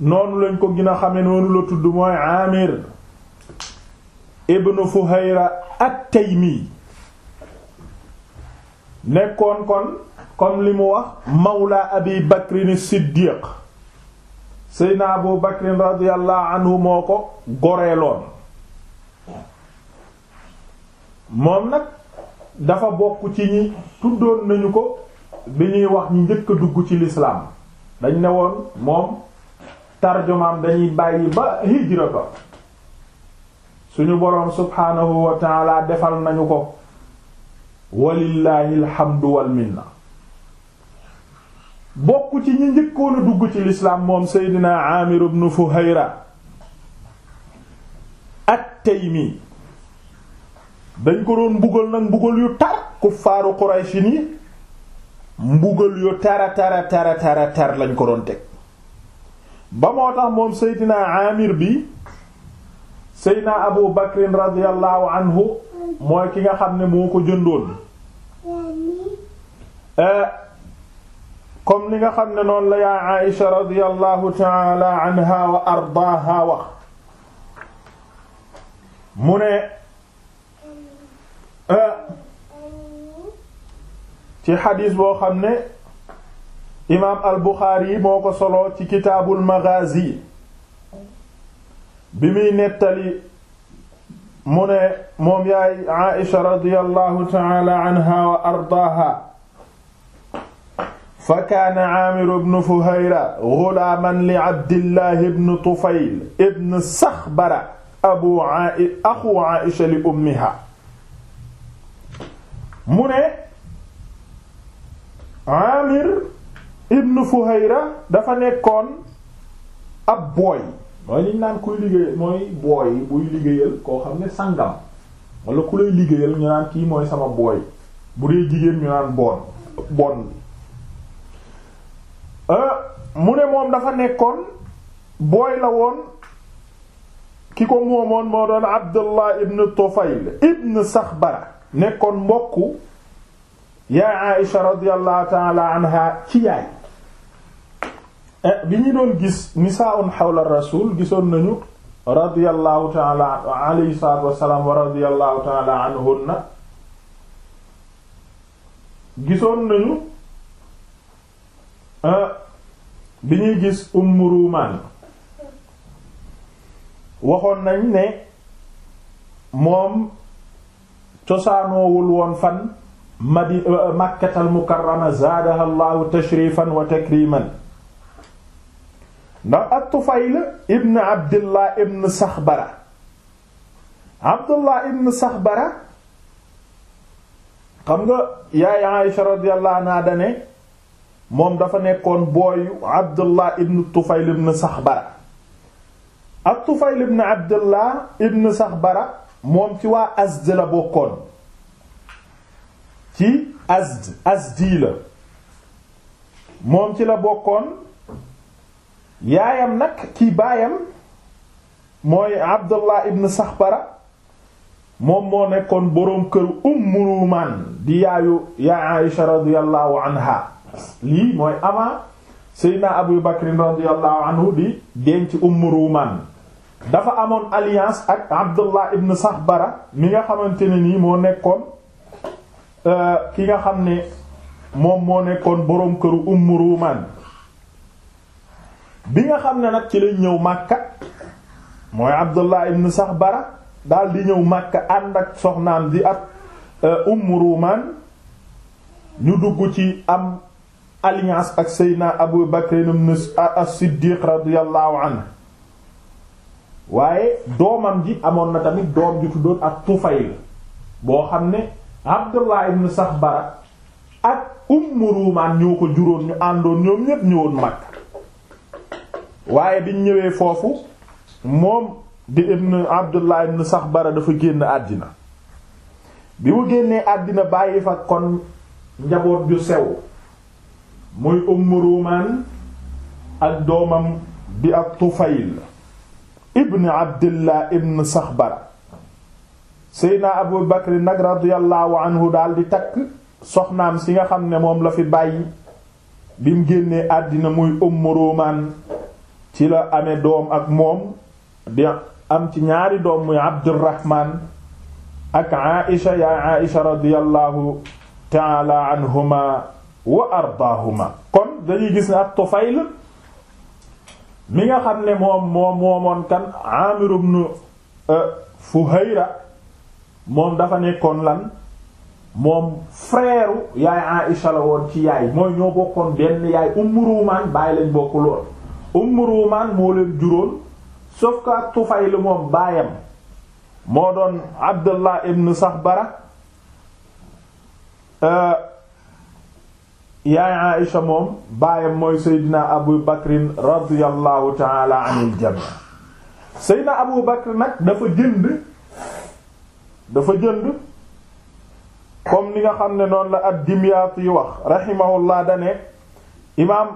noonu lañ ko gën a xame noonu la tudd mooy Amir ibn Fuhayra at-Taymi nekkoon kon comme li mu wax mawla Abi Bakrin Siddiq Seydina Abu Bakrin radiyallahu moo ko goreeloon moom nag dafa bokk ci ñi tuddoon nañu ko bi ñuy wax ñi njëkk a dugg ci lislaam dañ ne woon moom tarjumaam dañuy bàyyi ba hijra ba suñu boroom subhaanahu wa defal nañu ko walillaahi alhamdu wal minna bokk ci ñi njëkkoon dugg ci lislaam moom seydina Aamir ibn Fuhayra at-Taymi dañ ko doon mbugal nag mbugal yu tar kuffaaru Quraysh ni mbugal yu tara tara tara tara tar lañ ko doon teg ba moo tax moom seydina amir bi seydina abu bakrin radiallahu anhu mooy ki nga xam ne moo ko jëndoon eh, comme ni nga xam ne noon la yaa aïsha radiallahu taala anha wa ardaha wax mu ne eh, ci xadiis boo xam ne imaam al buxaari yi moo ko solo ci kitaabul maghazi bi muy nettali mu ne moom yaay Aisha radiyallahu ta'ala anha wa ardaaha fa kaana Aamir ibn Fuhayra ghulaaman li Abdillah ibn Tufayl ibn Saxbara abu axu Aisha li ummiha mu ne Aamir ibn Fuhayra dafa nekkoon ab booy mooy liñ naan kuy liggéeyal mooy booy buy liggéeyal koo xam ne sangam wala ku lay liggéeyal ñu naan kii mooy sama booy bu dee jigéen ñu naan bon bon euh, mu ne moom dafa nekkoon booy la woon ki ko moomoon moo doon Abdullah ibn Tufayl ibn Saxbara nekkoon mbokk yaa Aisha radiyallahu ta'ala anha ci yaay Eh, bi ñu doon gis nisaa'un xawla rasul gisoon nañu radiyallahu taala alayhi salaatu wassalaam wa radiyallahu taala anhunna gisoon nañu eh, bi ñuy gis ummu ruumaan waxoon nañ ne moom cosaanoowul woon fan madi eh, makkatal mukarrama zaadaha allahu tashrifan wa takriman ndax at-Tufayl ibn Abdullah ibn Saxbara Abdullah ibn Saxbara xam nga yaay Aïsha radiyallahu anha dane moom dafa nekkoon booyu Abdullah ibn Tufayl ibn Saxbara at-Tufayl ibn Abdullah ibn Saxbara moom ci waa Azd la bokkoon ci Azd Azdi la moom ci la bokkoon yaayam nag kii baayam mooy Abdullah ibn Saxbara moom moo nekkoon boroom kër Ummu Nuumaan di yaayu ya Aïsha radiyallahu anha lii mooy avant Seydina Abu Bakr radiyallahu anhu di denc Ummu Nuumaan dafa amoon alliance ak Abdullah ibn Saxbara mi nga xamante ni nii moo nekkoon euh, ki nga xam ne moom moo nekkoon boroom kër Ummu Nuumaan bi nga xam ne nag ci lañ ñëw Makka mooy Abdullah ibn Saxbara daal di ñëw Makka ànd ak soxnaam di ak euh, Umm Ruumaan ñu dugg ci am alliance ak Seydina Abu Bakr ibn as-Siddiq radiyallahu anhu waaye doomam ji amoon na tamit doom ju tuddoon ak Tufayl boo xam ne Abdullah ibn Saxbara ak Umm Ruumaan ñoo ko juróon ñu àndoon ñoom ñépp ñëwoon Makka waaye biñ ñëwee foofu moom di ibn abdullah ibn saxbara dafa génn àddina bi mu génnee àddina bàyyi fa kon njaboot ju sew muy umm ruumaan ak doomam bi ak tufayl ibn abdullah ibn saxbara seydna abu bakr nag radiyallahu anhu daal di takk soxnaam si nga xam ne moom la fi bàyyi bi mu génnee àddina muy umm ruumaan ci la ame doom ak moom di am ci ñaari doom muy Abdurrahman ak Aïsha yaa Aïsha radiyallahu taala anhuma wa ardaahuma kon dañuy gis ne ak Tufayl mi nga xam ne moom moom moomoon kan Aamir ibn euh, Fuhayra moom dafa nekkoon lan moom frère yaay Aïsha la woon ci yaay mooy ñoo bokkoon benn yaay Ummu Ruumaan bàyyi lañ bokku lool Umm Ruumaan moo leen juróon sauf que ak Tufayl moom baayam moo doon Abdullah ibn Saxbara euh, yaay Aïsha moom baayam mooy Seydina Abu Bakrin radiyallahu taala anil jami Seydina Abu Bakr nag dafa jënd dafa jënd comme ni nga xam ne noonu la ad-Dimyaati wax rahimahullah dane imaam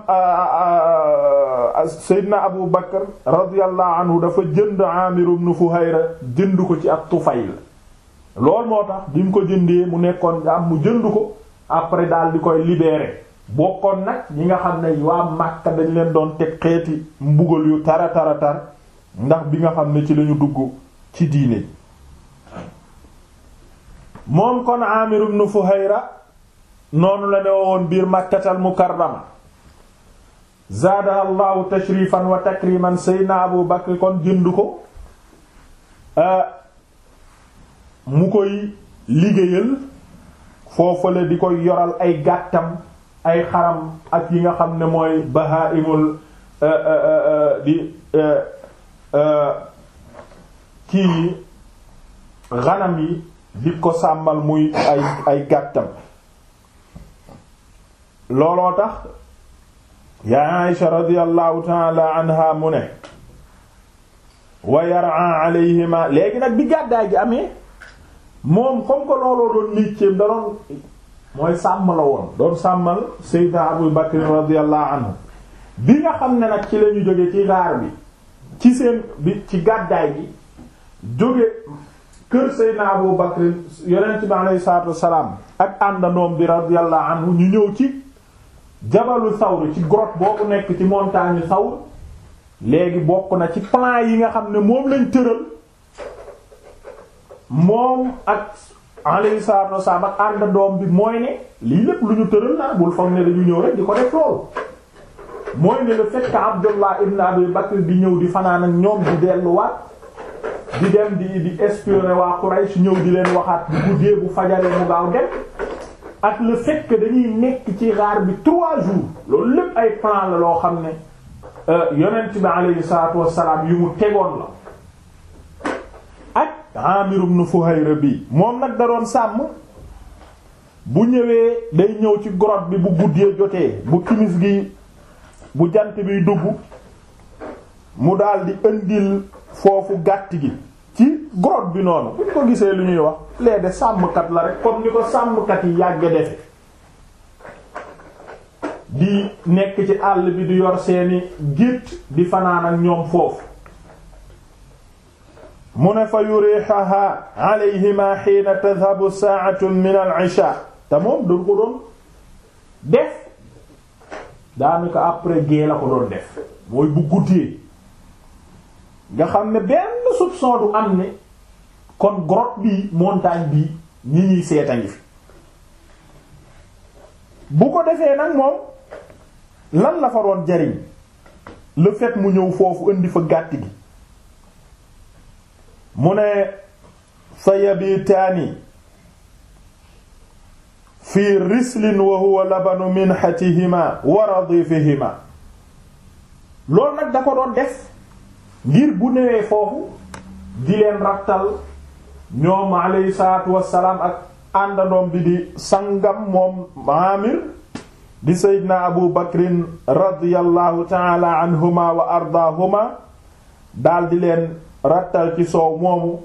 Seydina Abu Bakr radiyallahu anhu dafa jënd Aamir ibn Fuhayra jënd ko ci ak Tufayl loolu moo tax bi mu ko jëndee mu nekkoon nga am mu jënd ko après daal di koy libéré bokkoon nag ñi nga xam ne waa Makka dañ leen doon teg xeeti mbugal yu tara tara tar ndax bi nga xam ne ci lañu dugg ci diine moom kon Aamir ibn Fuhayra noonu la ne woon biir Makkatal Mukarrama zaada allahu tashrifan wa takriman seydna abu bakr kon jënd ko mu koy liggéeyal foofale di koy yoral ay gàttam ay xaram ak yi nga xam ne mooy bahaimul di kii yi xanam yi di ko sàmmal muy ay ay gàttam looloo tax yaa Aysha radiyallahu taala anha mu ne wa yara alayhima léegi nag bi gàddaay gi amee moom comme que looloo doon métier da doon mooy sàmm la woon doon sàmmal Seydina Abu Bakr radiyallahu anhu bi nga xam ne nag ci la ñu jóge ci xaar bi ci seen bi ci gàddaay gi jóge kër Seydina Abu Bakr yonent bi alayhi salaatu wassalaam ak àndandoom bi radiyallahu anhu ñu ñëw ci jabalu sawr ci grotte boobu nekk ci montagne sawr léegi bokk na ci plan yi nga xam ne moom lañ tëral moom ak alayhi salaatu wasallam ak ànd doom bi mooy ne lii lépp lu ñu tëral naa bul foog ne dañu ñëw rek di ko def loolu mooy ne le fait que Abdullah ibn Abi Bakr di ñëw di fanaan ak ñoom di delluwaat di dem di di espionner waa su ñëw di leen waxaat bu guddee bu fajaree mu gaaw dem ak le fait dañuy nekk ci xaar bi trois jours loolu lépp ay plan la loo xam ne euh, yonent bi alayhi wassalaam yu mu tegoon la ak Amir ibn Fuhayra bi moom nag da doon sàmm bu ñëwee day ñëw ci grotte bi bu guddee jotee bu timis gi bu jant biy dugg mu daldi indil foofu gàtt gi ci grotte bi noonu bu ñu ko gisee lu ñuy wax lee de sàmmkat la rek comme ni ko sàmmkat yi yàgg defe di nekk ci àll bi di yor seeni gitt di fanaan ak ñoom foofu mu ne fa yurihaha alayhima xiina tadhabu saatu min al isha te moom ko doon def daanaka après gée la ko doon def mooy bu guddee nga xam ne benn soupçon du am ne kon grotte bii montagne bii ñi ñuy seeta ngi fi bu ko defee nag moom lan la fa doon jariñ le fait mu ñëw foofu indi fa gàtt gi mu ne fa yabitaani fi rislin wa huwa labanu minhatihima wa radifihima loolu nag da ko doon def ngir bu newee foofu di leen rattal ñoom alayhi salaatu wassalaam ak àndandoom bi di sangam moom Amir di seydna abu bakrin radiyallahu taala anhuma wa ardaahuma daal di leen rattal ci soow moomu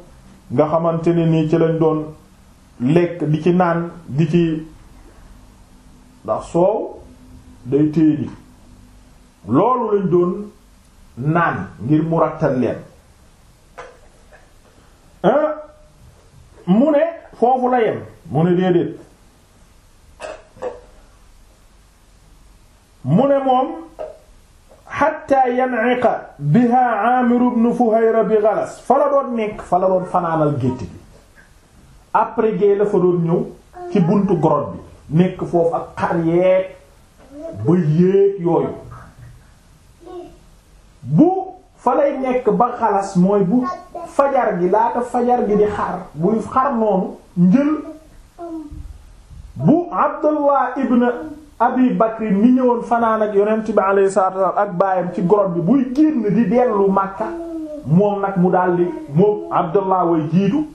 nga xamante ni nii ci lañ doon lekk di ci naan di ci ndax soow day téye loolu lañ doon naan ngir mu rattal leen ah, mu ne foofu la yem mu ne déedéet mu ne moom xatta yan'iqa biha Aamir ibn Fuhayra bi Galas fa la doon nekk fa la doon fanaanal gétt bi après gée la fa doon ñëw ci buntu grotte bi nekk foofu ak xar ba yéeg yooyu bu fa lay nekk ba xalas mooy bu fajar gi laata fajar gi di xar buy xar noonu njël bu Abdullah ibn Abi Bakr mi ñëwoon fanaan ak yonent bi alayhi salaatu wasallam ak baayam ci grotte bi buy génn di dellu Makka moom nag mu daldi moom Abdullah way jiitu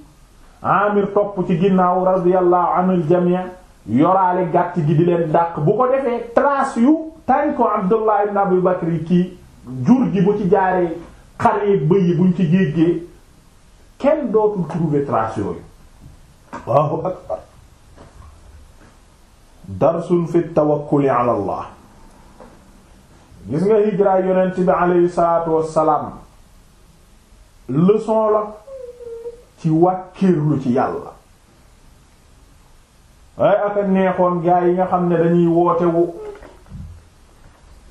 Amir topp ci ginnaaw radiyallahu anil jamii yoraale gàtt gi di leen dàq bu ko defee trace yu tànk Abdullah ibn Abi kii jur gi bu ci jaaree xar yi bëy yi buñ ci jéggee kenn dootul trouver trace yooyu Allahu akbar darsun fi tawakkuli Allah gis nga hijra yonent bi alayhi salaatu wassalaam leçon la ci wàkkirlu ci yàlla waaye aka neexoon gaa yi nga xam ne dañuy wootewu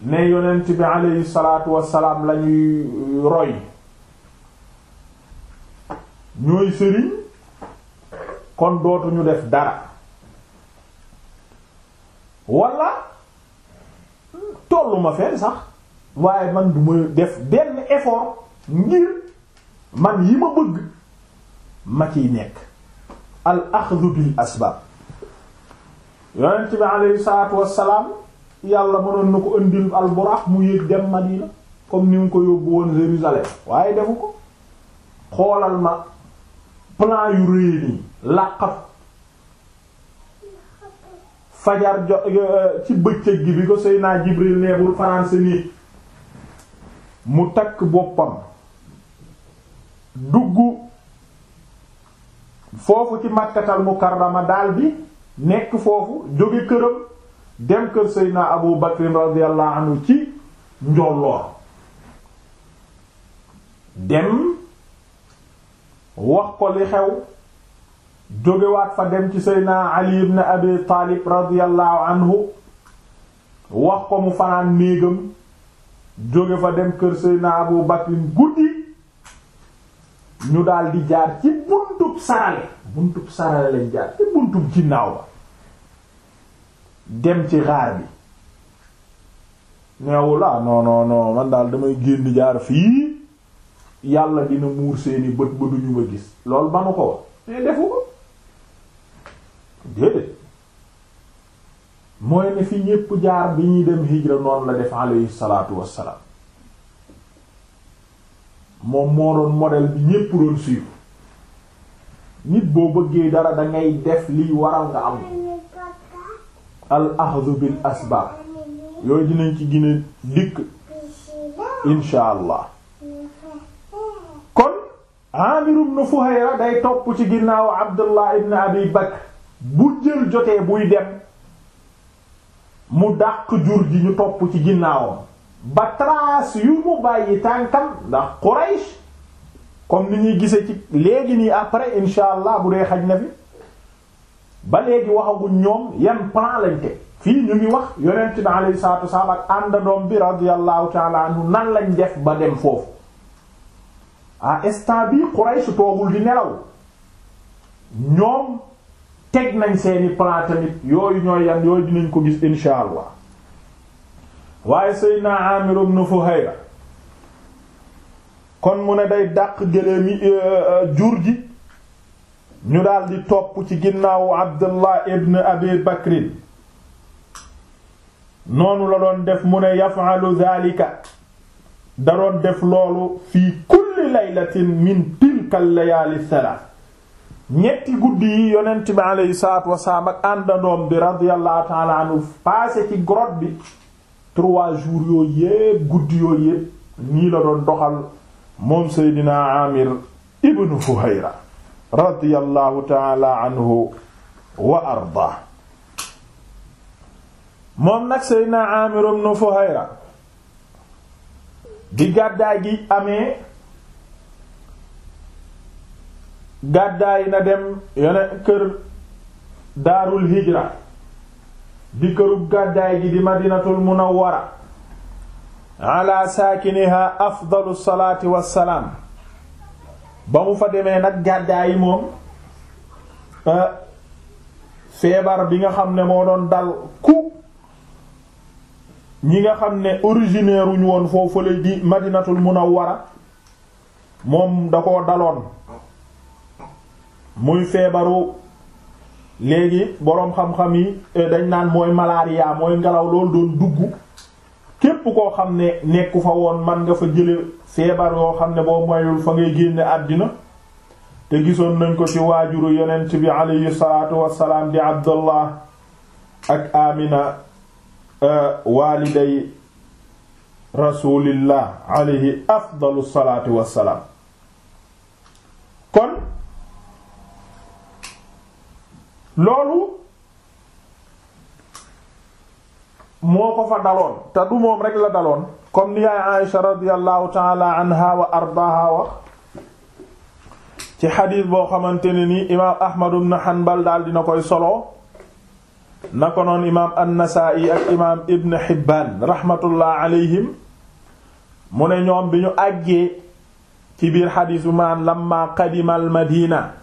ne yonent bi aleyhi salaatu wassalaam lañuy roy ñooy sëriñ kon dootuñu def dara wala tolluma fenn sax waaye man du def benn effort ngir man yi ma bëgg ma ciy nekk al axdu bil asbaab yonent bi aleyhi salaatu wassalaam yàlla mënoon na ko indil alburax mu yéeg dem Madina comme ni mu ko yóbbu woon Jérusalem waaye defu ko xoolal ma plan yu réy nii làqat fajar jo euh, ci bëccëg gi bi ko sëy naa Jibril neebul faranse nit mu takk boppam dugg foofu ci Makkatal Mukarrama daal bi nekk foofu jóge këram dem kër Seydina Abu Bakr radiyallahu anhu ci njolloor dem wax ko li xew jógewaat fa dem ci Seydina Ali ibn Abi Taalib radiyallahu anhu wax ko mu fanaan néegam jóge fa dem kër Seydina Abu Bakr guddi ñu daldi jaar ci buntub sarale buntub sarale lañ jaar ci buntub ginnaaw dem ci xaar bi neewu la ah, non non man daal damay génn jaar fii yàlla dina muur seeni bët ba duñu ma gis loolu ba ko wax te defu ko déedéet mooy ne fi ñépp jaar bi ñuy dem hijra noonu la def alayhi salaatu wassalaam moom moo doon modèle bi ñépp doon suivre nit boo bëggee dara dangay def liy waral nga am al axdu bil asbaab yooyu dinañ ci gën a dikk insha kon Aamir ibn Fuhayra day topp ci ginnaaw Abdullah ibn Abi Bakr bu jël jotee buy dem mu dàq jur ji ñu topp ci ginnaawam ba trace yu mu bàyyi tànkam ndax Quraysh comme ni ñuy gise ci léegi nii après insha allah bu dee xaj na fi ba léegi waxaguñ ñoom yan plan lañ teg fii ñu ngi wax yonent bi alayhi salaatu wasalaam ak àndandoom bi radiyallahu ta'ala nan lañ def ba dem foofu à instant bi Quraysh toogul di nelaw ñoom teg nañ seeni plan tamit yooyu ñooy yan yooyu dinañ ko gis insha allah waaye Seydina Amir ibn Fuhayra kon mu ne day dàq gëléem yi euh, euh, jur ji ñu daldi topp ci ginnaawu abdullah ibn abi bakrin noonu la doon def mu ne yafalu daalika da doon def loolu fi kulli laylatin min tilka layaali salaas ñetti guddi yi yonent bi aleyhi salaatu wasalaam ak bi radiyallahu taala anhu passé ci grotte bi trois jours yooyu yépp guddi yooyu yépp nii la doon doxal moom seydina amir ibnu fuhayra radiyallahu taala anhu wa arda moom nag seydna Amir ibn Fuhayra di gàddaay gi amee gàddaay na dem yone kër daarul hijra di kërub gàddaay gi di madinatul munawwara ala saakiniha afdalu salaati wassalaam ba mu fa demee nag gàddaay yi moom euh, feebar bi nga xam ne moo doon dal ku ñi nga xam ne originaire wuñu woon foofu la di madinatul munawwara moom da koo daloon muy feebaru léegi boroom xam-xam yi euh, dañ naan mooy malaria mooy ngelaw loolu doon dugg képp koo xam ne nekku fa woon man nga fa jële feebar yoo xam ne boo moyul fa ngay génne àddina te gisoon nañ ko ci waajuru yonent bi alayhi salaatu wassalaam di abdullah ak amina euh, waaliday rasulillah alayhi afdalu salaatu wassalaam kon loolu moo ko fa daloon te du moom rek la daloon comme ni yaay Aïsha radiyallahu taala wa ardaha wax ci xadiis boo xamante ne nii imaam Ahmad ibn Hanbal daal dina koy solo na ko noon imaam an ak imaam Ibn Hibbaan rahmatullah mu ne ñoom bi ñu àggee ci biir xadiis bu maan lamma qadimal madina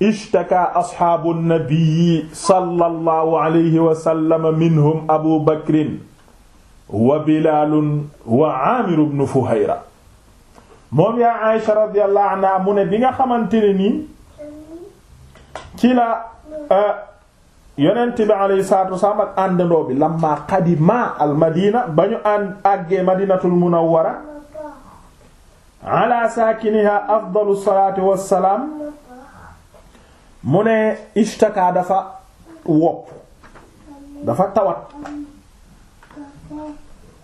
ishtaka asxaabu nabii sallallahu alayhi wa sallam minhum abu bakrin wa bilaalun wa aamiru bnu fuhayra moom yaa aysha radiyallahu anha mu ne bi nga xamante ne nii ci la euh, yonent bi alayhi salaatu wasalaam ak àndandoo bi lamma qadima al madina ba ñu ànd àggee madinatul munawwara ala saakiniha afdalu salaatu wassalaam mu ne ishtaka dafa wopp dafa tawat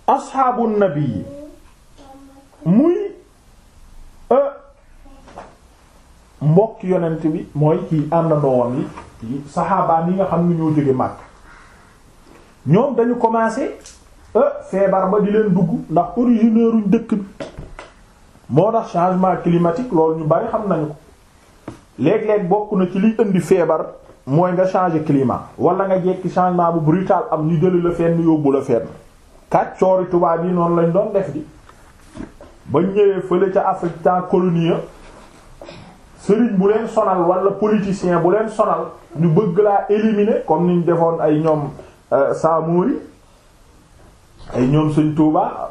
asxaabu nabi muy e, mbokk yonent bi mooy kii àndandoo woon yi saxaabaan yi nga xam ne ñoo jóge màgg ñoom dañu commencé e, feebar ba di leen dugg ndax originaire uñ dëkk bi moo tax changement climatique loolu ñu bari xam nañu ko léeg-léeg bokk na ci liy indi feebar mooy nga changer climat wala nga jekki changement bu brutal am ñu jëli la fenn yóbbu la fenn kàccoori tubaab yi noonu lañ doon def di ba ñëwee fële ca Afrique temps colonie sëriñ bu leen sonal wala politicien bu leen sonal ñu bëgg laa kom ni ñu defoon ay ñoom euh, Samori ay ñoom Sëriñ Tuubaa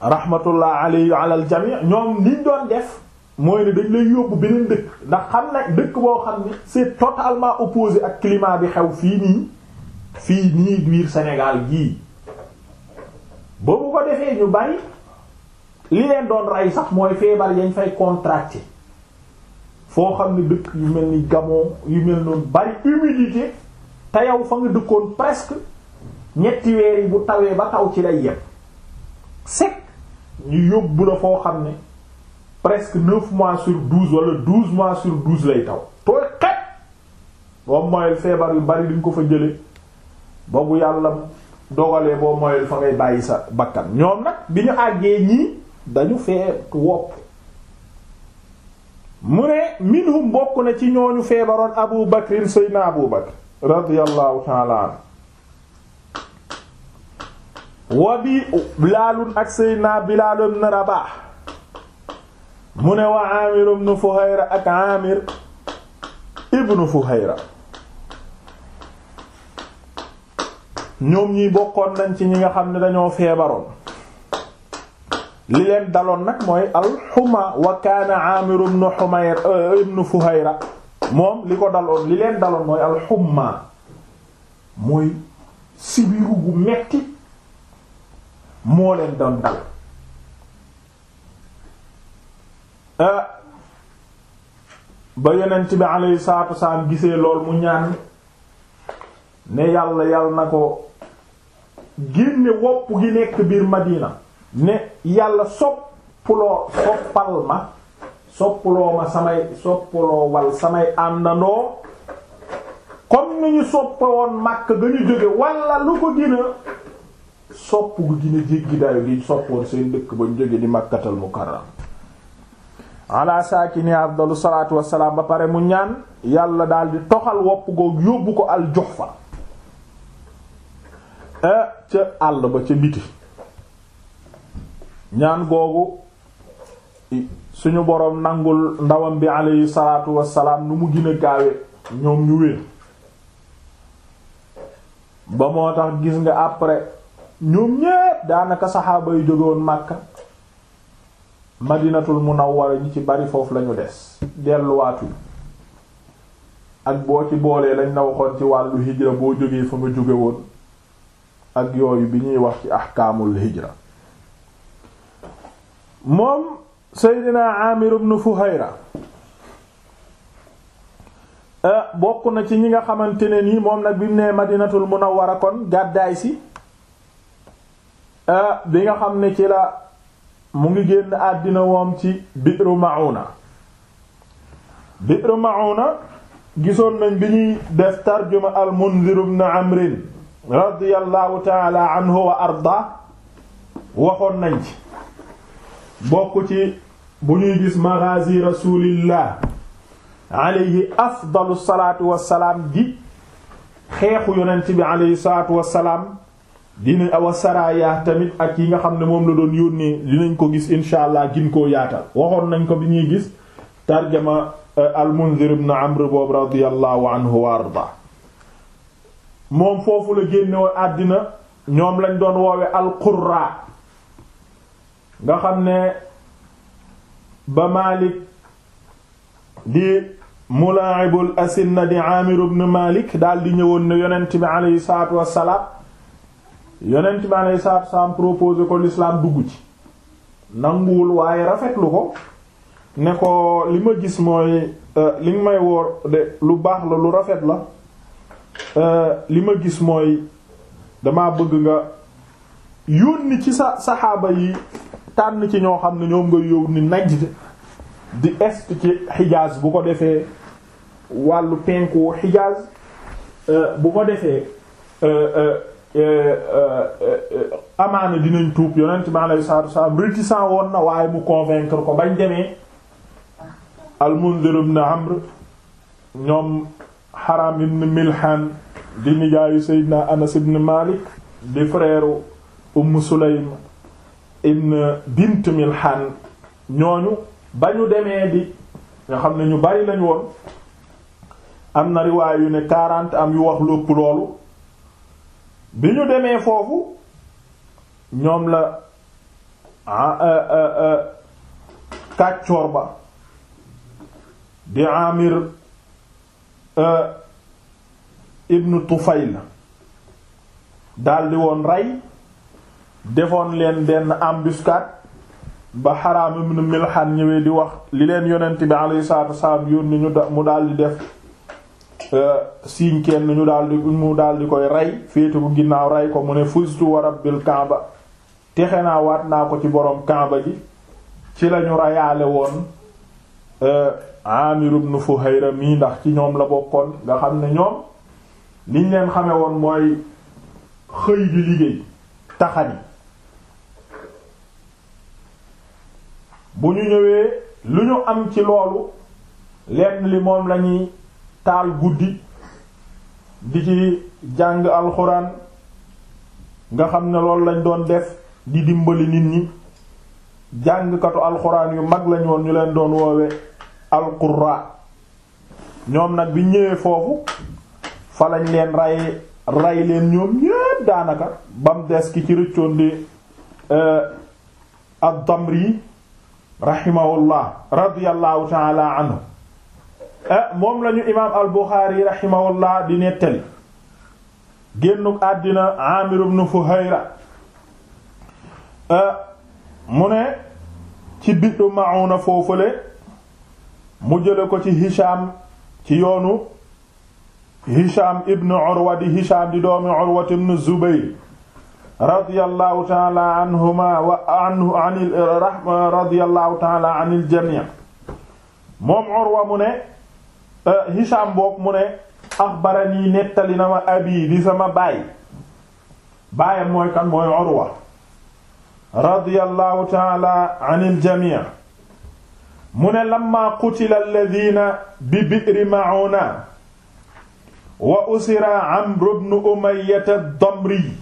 rahmatullah alayhi alal jami ñoom niñ doon def mooy ne dañ lay yóbbu beneen dëkk ndax xam na dëkk boo xam ne c'est totalement opposé ak climat bi xew fii nii fii nii biir senegaal gii ba ko defee ñu bari li leen doon rey sax mooy feebar yañ fay contracté foo xam ne dëkk yu mel ni gamo yu mel noonu bari humidité te yow fa nga dëkkoon presque ñetti weer yi bu tawee ba taw ci lay yem sec ñu yóbbu la foo xam ne presque neuf mois sur douze wala douze mois sur douze lay taw tooy xet boo moyel feebar yu bari duñ ko fa jële boobu yàlla dogalee boo moyel fa ngay bàyyi sa bakkan ñoom nag bi ñu àggee ñii dañu fee wopp mu ne minhum bokk na ci ñooñu feebaroon abu bakrin seydna abu bakr radiyallahu ta'ala anhu wa bi bilaalun ak seydna bilaal ibn rabah mu ne wa Aamir ibn Fuhayra ak Aamir ibn Fuhayra ñoom ñi bokkoon nañ ci ñi nga xam ne dañoo feebaroon li leen daloon nag mooy alxuma wa kaana Aamir ibn Humayr euh, ibn Fuhayra moom li ko daloon li leen daloon mooy alxuma mooy sibiru bu metti moo leen doon dal Ah. ba yonent bi alayhi salaatu wasalaam gisee lool mu ñaan ne yàlla yàlla na ko génne wopp gi nekk biir Madina ne yàlla soppuloo soppal ma soppuloo ma samay soppuloo wal samay àndandoo comme ni ñu soppawoon màkk ga ñu jóge wala lu ko gën sopp gu gën a jéggi dayo gi soppoon seen dëkk ba ñu jóge di Makkatal Mukarram ala saakini afdalu salaatu wassalaam ba pare mu ñaan yàlla daal di toxal wopp googu yóbbu ko al Juhfa eh, ca àll ba ca biti ñaan googu suñu boroom nangul ndawam bi alayhi salaatu wassalaam nu mu gën a ñoom ñu wér ba moo tax gis nga après ñoom ñépp daanaka saxaaba yu jógewoon Makka madinatul munawwara ñi ci bari foofu lañu des delluwaatu ak boo ci boolee lañ la waxoon ci wàllu hijra boo jógee fa nga jóge ak yooyu bi ñuy wax ci ahkaamul hijra moom seydina amir ibn fuhayra ah, bokk na ci ñi nga xamante ne nii moom nag bi mu nee madinatul munawwara kon gàddaay si ah, bi nga xam ne ci la mu ngi génn àddina woom ci Bi'ru Ma'una Bi'ru Ma'una gisoon nañ bi ñuy def tarjuma al-Mundhir ibn Amr radiyallahu ta'ala anhu wa arda waxoon nañ ci bokk ci bu ñuy gis maghazi rasulillah alayhi afdalu salaatu wassalaam di xeexu yonent bi alayhi salaatu wassalaam dina awa saraya tamit ak yi nga xam ne moom la doon yónnee dinañ ko gis incha allah gin koo yaatal waxoon nañ ko bi ñuy gis tarjama euh, al-Munzir ibn Amr boobu anhu wa arda moom foofu la génne woon àddina ñoom lañ doon woowe al-qurra nga xam ne ba Malik di mulaa'ibul asinna di Amir ibn Malik daal di ñëwoon ne yonent bi aleyhi salaatu wassalaam yonent bi alei salaatu salaam proposé ko l'islam dugg ci nanguwul waaye rafetlu ko ne ko li ma gis mooy euh, li may woor de lu baax la lu rafet la euh, li ma gis mooy dama bëgg nga yónni ci sa saxaaba yi tànn ci ñoo xam ne ñoom nga yow ni Najd di est ci Hijaz bu ko defee wàllu penku xijaas euh, bu ko defee E, e, e, amaana dinañ tuub yonent bi alayhi salaatu wasallam réticent woon na waaye mu convaincre ko bañ demee al-Munzir ibn Amr ñoom Haram ibn Milhan di nijaayu Seydina Anas ibn Malik di frère Umm Sulaym ibn bint Milhan ñooñu ba ñu demee di nga xam na ñu bari lañ woon am na riwaay yu ne quarante am yu wax lu loolu bi ñu demee foofu ñoom la kàccoor ba di Amir ibnu Tufayl daldi woon rey defoon leen benn embuscade ba Haraam ibnu Milhan ñëwee di wax li leen yonent bi alayhi salaatu wasalaam yónni ñu mu daldi def Eh, siiñ kenn ñu daal di mu daal koy ray féete bu ginnaaw ray ko mu ne fustu wa rabbil kaaba texe naa waat naa ko ci boroom kaaba ji ci lañu rayaale woon eh, Amir ibn Fuhayra mii ndax ci ñoom la bokkoon nga xam ne ñoom liñ leen xame woon mooy xëy di liggéey taxani bu ñu ñëwee lu ñu am ci loolu lenn li moom lañuy taal guddi di ci jàng alxuraan nga xam ne loolu lañ doon def di dimbali nit ñi jàngkatu alxuraan yu mag lañ woon ñu leen doon woowe alqurra ñoom nag bi ñëwee foofu fa lañ leen ray ray leen ñoom ñépp daanaka bam des ki ci rëccoon di euh, ad-Damri rahimahullah radiyallahu ta'ala anhu Eh, moom lañu imaam al Buxaari rahimahullah di nettali génnu àddina Aamir ibn Fuhayra eh, mu ne ci bidu Mauna foofale mu jële ko ci Hisham ci yoonu Hisham ibn Urwa di Hisham di doomi Urwa ibn Zubayr radiyallahu ta'ala anhuma wa anhu eh, moom Urwa mu ne Euh, Hisham boog mu ne axbarani nettali na ma abi di sama baay baayam mooy kan mooy Urwa radiyallahu taala anil jamii mu ne lamma qutila alladhina bi bi'ri ma'una wa usira Amr ibn Umayyah ad-Damri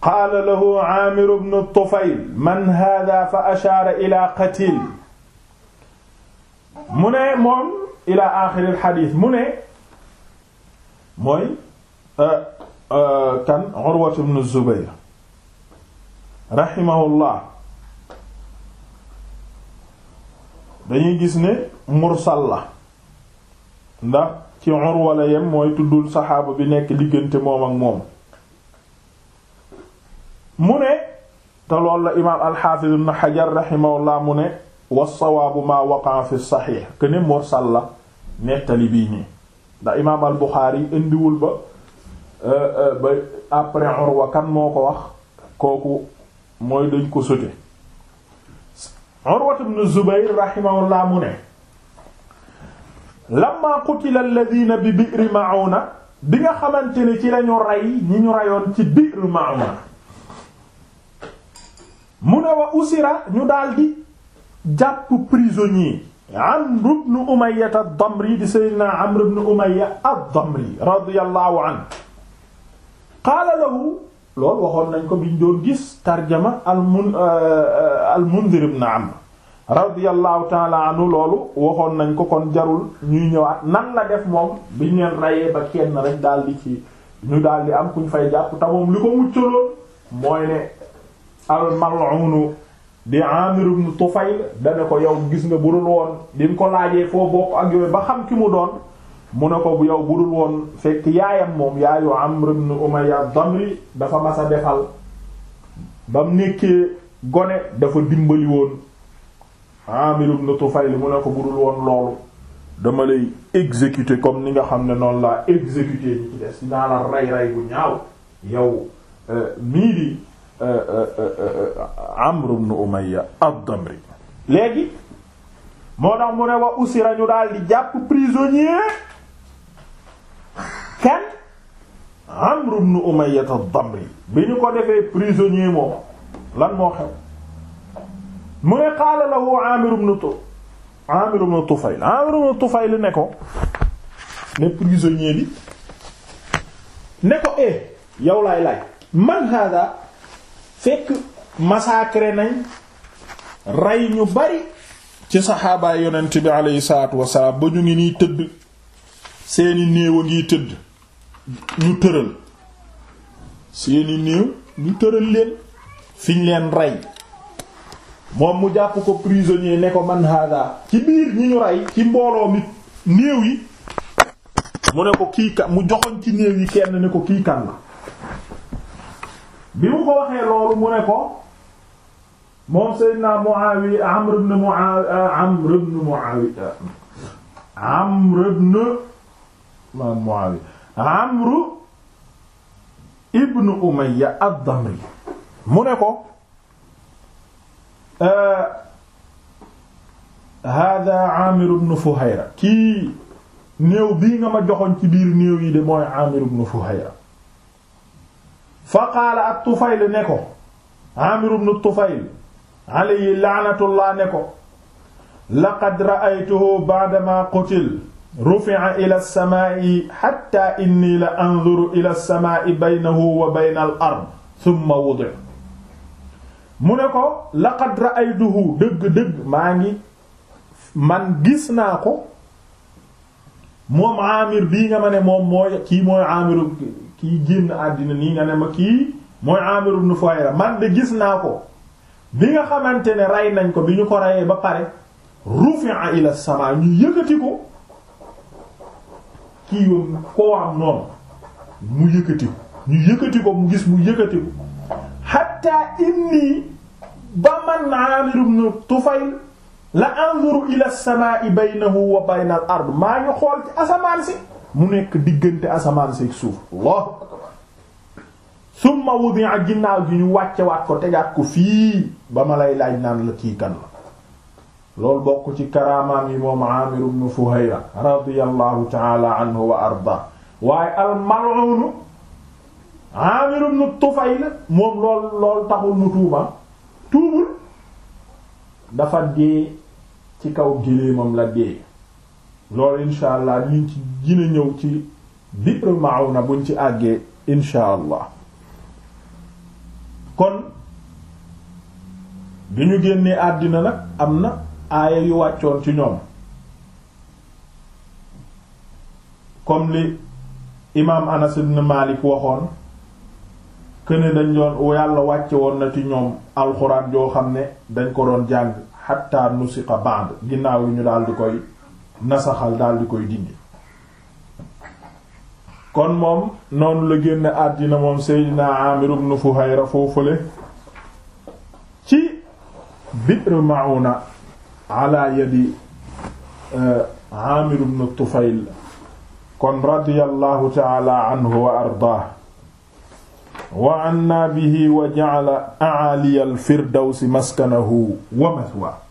qaala lahu Aamir ibn Tufayl man haadha fa ashaara ila qatil mu ne moom ila axiril xadiis mu ne mooy euh, euh, kan Urwatu ibn Zubayr rahimahullah dañuy gis ni mursal la ndax ci Urwa yem mooy tuddul saxaaba bi nekk diggante moom ak moom mu ne te loolu la imaam alxaafiz ibn Hajar rahimahullah mu ne wa sawaabu ma waqaa fi saxiix këne mursal la nettali bii nii ndax imaam al Buxaari yi indiwul euh, euh, ba après Urwa kan moo ko wax kooku mooy dañ ko sute Urwa ibn Zubayr rahimahullah mu ne lamma qutila alladhina bi bi'r Ma'una bi nga xamante ni ci lañu rey ñi ñu reyoon ci bi'r Ma'una mu ne wa usira ñu daldi jàpp prisonnier Amr ibn Umayya ad-Damri di Seydina Amr ibn Umayya ad-Damri radiyallahu anhu qaala lahu loolu waxoon nañ ko biñ doon gis tarjama almun euh, al-Mundhir ibn Amr radiyallahu ta'ala anhu loolu waxoon nañ ko kon jarul ñuy ñëwaat nan la def moom biñ leen rayee ba kenn rek daal di ci ñu daal di am kuñ fay jàpp te moom li ko muccaloon mooy ne al-mal'un di Amir ibn Tufayl dana ko yow gis nga budul woon bi ko laajee foo bokk ak yooyu ba xam ki mu doon mu ne ko bu yow budul woon fekk yaayam moom yaayu Amr ibn Umayya dafa mas defal ba mu nekkee gone dafa dimbali woon Amir ibn Tufayl mu ne ko budul woon loolu dama lay exécuter comme ni nga xam ne noonu laa exécuter ñi ci des dinaa la rey rey bu ñaaw yow euh, mii Amr ibn Umayya ad-Damri léegi moo tax mu ne wa usira ñu daal di jàpp prisonnier kan Amr ibn Umayya ad-Damri bi ñu ko defee prisonnier moom lan moo xew mu ne qaala lahu Amir ibn tu Amir ibn Tufayl Amir ibn Tufayl ne ko ne prisonnier bi ne ko eh yow laay laaj man hada fekk massacré nañ rey ñu bari ci saxaabaay yonent bi aleyhi salaatu wasalaam ba ñu ngi niy tëdd seeni néew a ngiy tëdd ñu tëral seeni néew ñu tëral leen fiñ leen rey moom mu jàpp ko prisonnier ne ko man hada ci biir ñi ñu rey ci mbooloo mi néew yi mu ne ko kii kan mu joxoñ ci néew yi kenn ne ko kii kan la bi mu ko waxee loolu mu ne ko moom Seydina Muawiya Amr ibn Muawiya Amr ibn Muawiya Amr ibn Muawiya Amr ibn Umayya ad-Damri mu ne ko hada Amir ibn Fuhayra kii néew bii nga ma joxoon ci biir néew yi de mooy Amir ibn Fuhayra fa qaala ak tufayl ne ko amir ibn tufayl alayhi la'natullah ne ko laqad ra'aytuhu ba'dama qutil rufi'a ila as-samaa'i hatta inni la anzuru ila as-samaa'i baynahu wa bayna al-ard thumma wudi'a mu ne ko laqad ra'aytuhu dëgg dëgg maa ngi man gis naa ko moom amir bii nga ma ne moom mooy kii mooy amiru kii génn àddina nii nga ne ma kii mooy Amir ibn Fuhayra man de gis naa ko bi nga xamante ne rey nañ ko bi ñu ko reyee ba pare rufi'a ila sama ñu yëkkati ko kii yoon koo am noonu mu yëkkati ko ñu yëkkati ko mu gis mu yëkkati ko hatta inni ba man Amir ibn Tufayl la anzuru ila samaa'i baynahu wa bayna ard maa ngi xool ci asamaan si mu nekk diggante asamaan seeg suuf Allahu akbar summa wudi'a ginnaaw gi ñu wàcce waat ko tegaat ko fii ba ma lay laaj naan la kii kan la loolu bokk ci karaamaam yi moom Aamir ibn Fuhayra radiyallahu ta'ala anhu wa arda waaye al-mal'un Aamir ibn moom lool lool taxul mu tuuba tuubul dafa dee ci kaw géléemam la dee loolu incha allah ñu ngi ci gën a ñëw ci biir na buñ ci àggee incha allah kon bi ñu génnee àddina nag am na aaya yu wàccoon ci ñoom comme li imaam Anas ibn Malik waxoon këne dañ doon yàlla wàcce woon na ci ñoom alxuraan joo xam ne dañ ko doon jàng xatta nusiqa ba'd ginnaaw yu ñu daal di koy nasaxal daal koy dindi kon moom noonu la génn àddina moom Seydina Amir ibn Fuhayra foofule ci Bi'r Ma'una ala yadi eh, Amir ibn Tufayl kon radiyallahu ta'ala anhu wa ardaah wa anna bihi wa ja'ala a'ali al-firdawsi wa mathwaahu